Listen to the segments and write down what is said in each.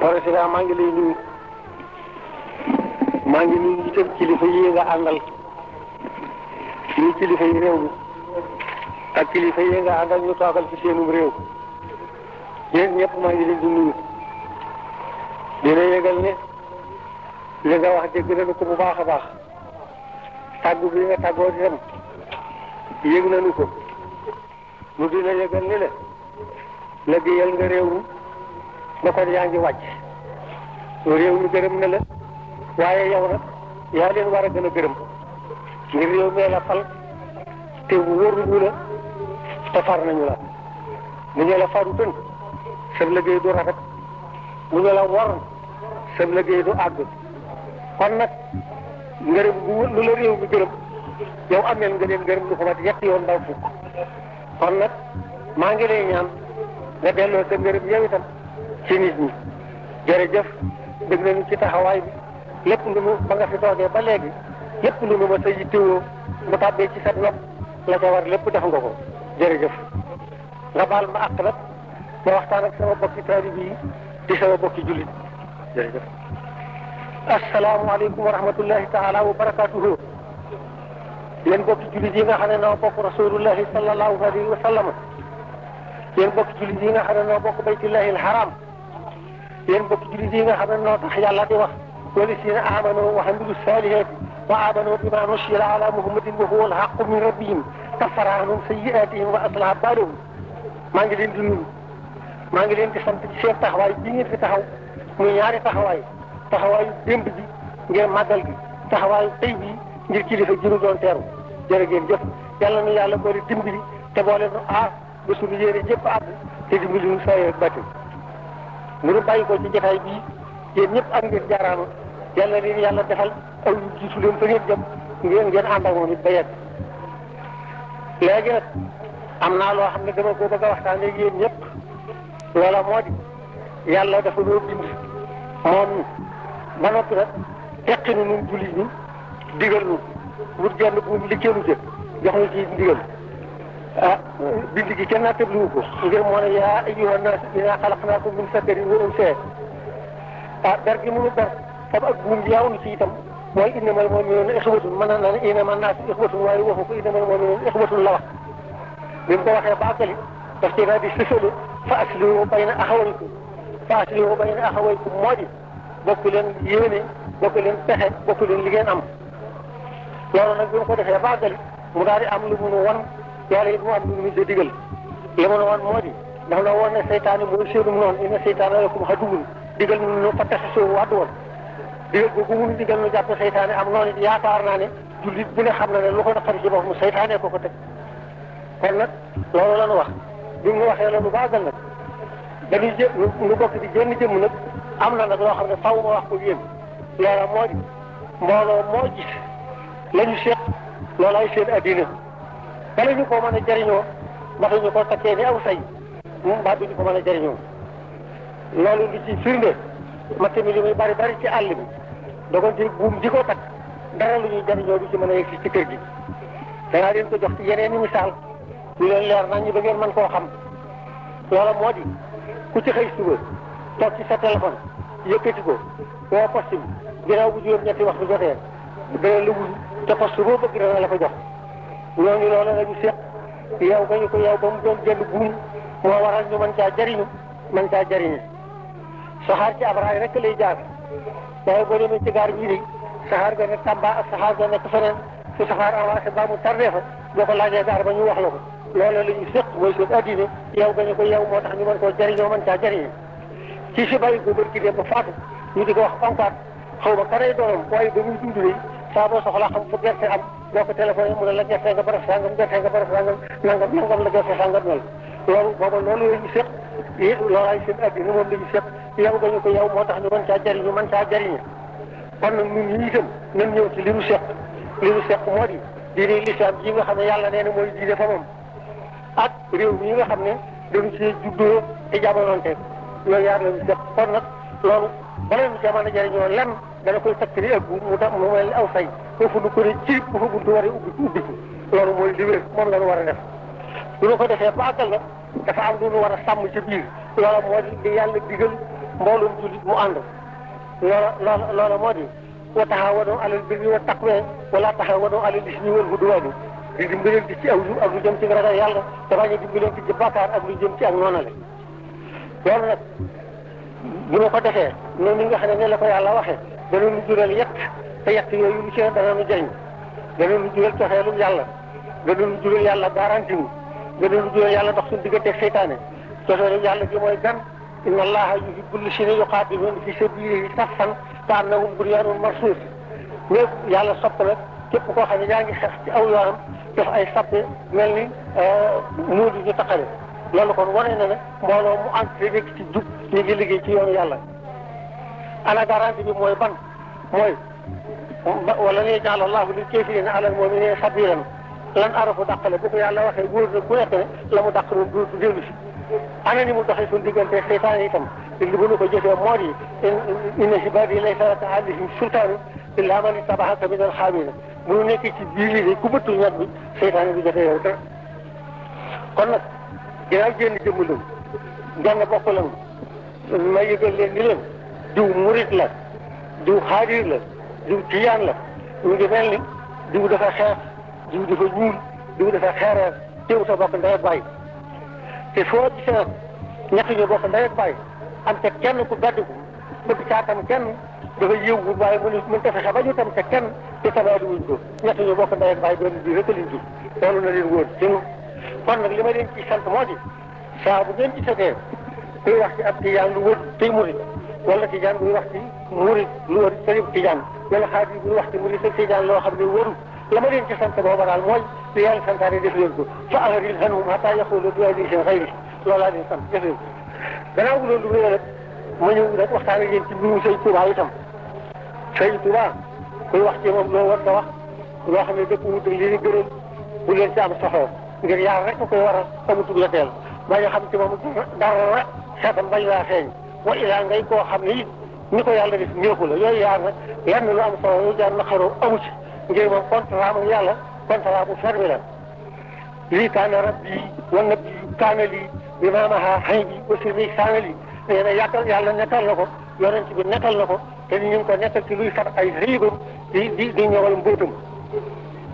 président maa ngi lay nuyu maa ngi nuyu itam kilifa yi nga àndal ñu kilifa yi réew mi ak kilifa yi nga àndal ñu toogal ci seenum réew yéen ñëpp maa ngi leen di nuyu dina yëgal ne li nga wax ko bu baax a baax tàggu bi nga tàggoo di dem yëg nañu dina yëgal ne la liggéeyal nga réew mi ne kon yaa ngi wàcc réew mi gërëm na la waaye yow nag yaa leen war a gën a gërëm ngir réew mee la fal te wóoruñu la te far nañu la mu ñu la faru tën sab liggéey du rafet mu ñu la war sab liggéey du àgg kon nag ngërëm lu la réew mi gërëm yow ameel nga leen ngërëm lu ko mat ñetti yoon la fukk kon maa ngi lay ñaan nga delloo sa ngërëm yow ci nit ñi jërëjëf dégg ci taxawaay lépp lu nu ba toogee ba léegi lépp lu nu ma sa mu tàbbee ci sa nopp la ca war lépp def nga ko jërëjëf nga baal ma àq nag ma waxtaan ak bokki taalibe yi di sama bokki jullit jërëjëf asalaamaaleykum wa rahmatullahi taala wa barakaatuhu yéen bokki juli ji nga xam ne noo bokk rasulullahi sallallahu alayhi wa sallam yéen bokki jullit yi nga xam ne noo alharam ينبك جلدينا حبنا تحيا الله دوا ولسينا آمنوا وحمدوا السالحات وآمنوا بما نشير على محمد وهو الحق من ربهم كفر عنهم سيئاتهم وأصلح بالهم ما نجلين دنون ما نجلين تسمى تسير تحواي بينير في تحو من ياري تحواي تحواي بمبدي غير مدلغ تحواي طيبي غير كيلي جيرو دون تيرو جيرو جيرو جيرو يالا نيالا بوري تمبدي تبولي رؤى بسم الله الرحمن الرحيم mu nu bàyyi ko ci jotaay bii yéen ñëpp am ngeen jaaraama yàlla defal aw gisu leen fa ngeen jëm ngeen ngeen ba yegg léegi nag am naa loo xam ne dama ko bëgg a waxtaan ak yéen ñëpp loola moo di yàlla dafa loo bind moom ba noppi nag teqi nu nun jullit ñi digal nu wut genn buum li kenn jël jox ñu ci ndigal بلدي كنا تبلوكو وجمعنا يا أيها الناس إنا خلقناكم من ذكر وأنثى آه، درجي من در تبقى بوندياون سيتم وإنما المؤمنون إخوة من إنما الناس إخوة وأيوه فإنما المؤمنون إخوة الله من بوحي باطل فاستيبا بالسسل فأسلوا بين أخويكم فأسلوا بين أخويكم مودي بوكلن يوني بوكلن تخي بوكلن لجين أم لأننا نقول قد خيبا دل مداري أمل من ون yalla it mo andi min do digal yemono won modi ndax la won na seytaane bo seedum non ina seytaane lakum haduun digal mun no patta so wadu won digal ko mun digal no japp seytaane am non yaakaar na ne julit bu ne xam na ne lu ko naqari ci bof mu seytaane ko ko tek kon nak lolu lañu wax bi mu waxe lolu baagal nak dañuy jé lu bokk di genn jëm nak am na nak lo xam ne faaw ma wax ko yeen yalla modi mbolo mo gis lañu set lolay seen adina bala ñu koo mën a jëriñoo ndax ñu ko takkee ni aw say hmm, mbaa du ñu ko mën a jëriñoo loolu li ci firnde matt mi li muy bari bari ci àll bi dogal di buum di ko takk dara lu ñuy jëriñoo du ci mën a yegg ci kër gi danaa leen ko jox ci yeneen i misaal lu leen leer nañ ñu ba man koo xam loola moo di ku ci xëy suba toog ci sa téléphone yëkkati ko woo poste bi ginnaaw bu juróom ñetti waxtu jotee dana la wut te poste boo bëgg dana la ko jox ñooñu loolu la ñu seq yow ba ñu ko yow ba mu doon jënd buum moo waral ñu mën caa jëriñu mën caa jëriñu saxaar ci abraay rek lay jaar waaye boo demee ci gaar ñii saxaar ga nekk Tamba ak saxaar ga nekk feneen su saxaar avancé ba mu tardé fa boo ko laajee gaar ba ñu wax la ko loolu la ñu seq mooy suñu addina yow ba ko yow moo tax ñu mën koo jëriñoo mën caa jëriñu ci si bàyyi ko bërki dem ba faatu ñu di ko wax Pampaat xaw ma kanay doomam waaye ba muy dund nii saa boo soxla xam fu gerte boo ko téléphoné mu ne la gerte nga baraf sangam gerte nga baraf sangam nangam nangam la gerte sangam loolu loolu booba loolu la ñu seq yi loolaay seen addina moom la ñu seq yow nga ñu ko yow moo tax ñu mën caa jariñu mën caa jariñu kon nag ñun ñii itam nañ ñëw ci li ñu seq li ñu seq moo di diine lislaam ji nga xam ne yàlla nee na mooy diine fa moom ak réew mi nga xam ne dañu ci juddoo te jamononte loolu yaar la ñu seq kon nag loolu baleen jamono jariñoo lan dana koy takk di ëgg mu da mu mel ni aw say foofu nu ko ne ciib bu fa buntu war a ubbi ubbi loolu mooy li wér moom la war a def lu nu ko defee ba àggal nag dafa am lu war a sàmm ci biir loola moo di li yàlla digal mboolum jullit mu ànd loola loola loola moo di wa taxawanoo alal birri wa taqwa wala taxawanoo alal ismi wal udwaani di dimbalante ci aw yu ak lu jëm ci ragal yàlla te bañ a dimbalante ci bàkkaar ak lu jëm ci ak noonale loolu nag bu ñu ko defee noonu nga xam ne ne la ko yàlla waxee dana nu jural yett te yett yooyu lu ci dana nu jëriñ dana nu jural coxeelum yàlla dana nu jural yàlla garanti wu dana nu jural yàlla dox suñu diggante seytaane coxeelum yàlla gi mooy gan inna allaha yuhibbul lazina yuqaatiluuna fi sabilihi saffan ka'annahum bunyaanun marsuus yàlla sopp na képp koo xam ne yaa ngi xeex ci aw yoonam def ay sappe mel ni euh, muur yi ñu taqale loolu kon wane na ne mbooloo mu ànd te nekk ci jub ñu ngi liggéey ci yoonu yàlla ana garanti bi mooy ban mooy wala ne jaal allahu lil kaafiriina alal mu'miniina sabiilan lan arafu dàqale bu ko yàlla waxee góor na ku nekk ne la mu dàqaloon du dellu si ana ni mu doxee suñu diggante seytaan itam li bu nu ko jëfee moo di inna ibaadi laysa laka alayhim sultaanu illaa man ittaba'aka mina al-ghaawina bu nu nekk ci biir liggéey ku bëttul ñett bi seytaan bi jotee yow dara kon nag dinaa génn jëmm lañ genn bopp lañ ma yëgal leen ni leen diw murit la diw xaadir la diw tiyaan la ñu ngi mel ni diw dafa xeex diw dafa ñuul diw dafa xeereer teew sa bokk ndey ak bàyyi te foo gisee ñett ñu bokk ndey ak bàyyi am te kenn ku gàddu ko bëgg caatam kenn dafa yëngu waaye mënu mënu ta fexe ba ñu tam te kenn te tabaadi wuñ ko ñett ñu bokk ndey ak bàyyi doon bi rek a liñ jur loolu na leen wóor ci kon nag li ma leen ci sant moo di saa bu ngeen gisatee kuy wax ci ab tijaan lu wër tey murit wala tijaan buy wax ci murit lu wër tey tijaan wala xaadir buy wax ci murit ak tijaan loo xam ne wëru la ma leen ci sant booba daal mooy li yàlla santaane def leen ko fa aril hanhum hatta yaqulu du'a li seen xayri loolaa leen sant def leen ko gannaaw bu loolu lu rek ma ñëw rek waxtaan ak yéen ci mbirum Sëñ Tuubaa itam Sëñ Tuubaa kuy wax ci moom loo war nga wax loo xam ne dëpp wut li ñu gënal ngir yàlla rek ko koy waral amutu la teel ba nga xam ci moom dara xeetam bañ laa xeeñ wa ilaa ngay koo xam ni ni ko yàlla def ñëw la yooyu yaar nag lenn lu am solo lu jaar na xaroo amu ci ngir moom contrat moom yàlla contrat bu fermé la lii kaana rabbi wa nabi kaana lii bi maamaha xëy bi aussi lii kaana lii nee na yàkkal yàlla nekkal na ko yonent bi nekkal na ko te ñu ngi ko nekkal ci luy far ay riibam di di di ñëwal mbóotam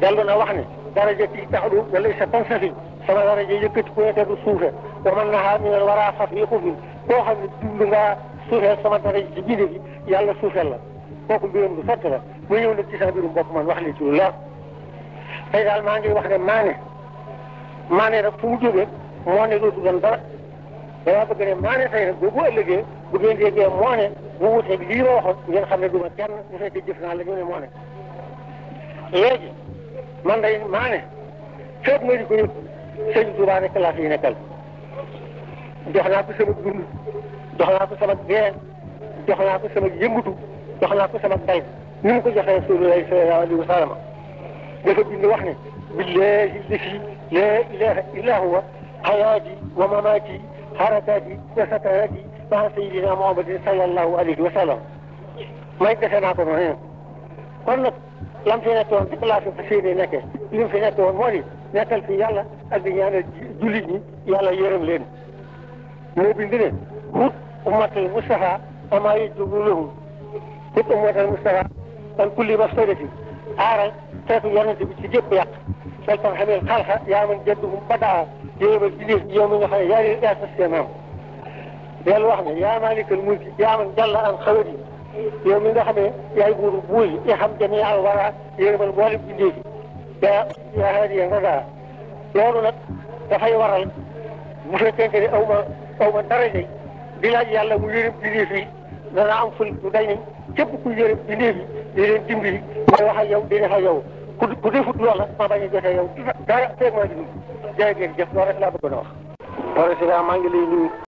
dellu na wax ni درجة تي تعلو وليس تنسفي سما درجة يكت كويتا دو سوفة ومن نها من الورا صفيق في توها من الدولنا سوفة سما درجة جديدة في يالا سوفة الله بوكم بيوم دو فترة ويوم لكي سابيرو بوكم عن وحلي تقول الله فإذا المعنجي واحدة ماني ماني رب فوجوه ماني دو سوزن درق ويا بقني ماني سيرا بوبو اللي جي بقين جي جي ماني بوبو سيبليرو وخط ينخمي دو مكان وفاكي جفنا اللي جي ماني ليجي man day maa ne fépp nga di ko yëpp sëñ Tuubaa rek laa fi nekkal jox naa ko sama dund jox naa ko sama dee jox naa ko sama yëngutu jox naa ko sama tay ni mu ko joxee Rasulullaahi sallallaahu alayhi wa sallam dafa bind wax ne billaahi lazi laa ilaaha illaa huwa hayaati wa mamaati harakaati wa sakaraati maa sayyidinaa Muhammadin sallallaahu alayhi wa sallam may dese naa ko noonu kon nag لمفينتهم تقلاشوا بسيري نكس لمفينتهم ولي نكل في يلا أدي يانا جلجي يلا يرم لين مو بندرين هود أمة المسحة أما يجبولهم هود أمة المسحة أن كل بصيرة عارة تاتو يانا تبتي جيب يق سلطان حميل خلخة يامن جدهم بدعا جيب الجليس يومين خيالي الأساس يمام يا الوحدة يا مالك الملك يا من جل أن خبري yow mi nga xamee yaay buuru buur yi xam jami al wara yërëmal boole bindee bi yaa yaa haadi nga daa loolu nag dafay waral bu fekkente ne aw ma aw ma daraja di laaj yàlla mu yërëm bindee fi dana am ful bu day nañ képp ku yërëm bindee fi di leen dimbali mooy wax ak yow di def ak yow ku ku defut loola ma bañ a jotee yow dara feeg maa di dund jërëjëf jëf loolu rek laa bëggoon a wax président maa ngi lay nuyu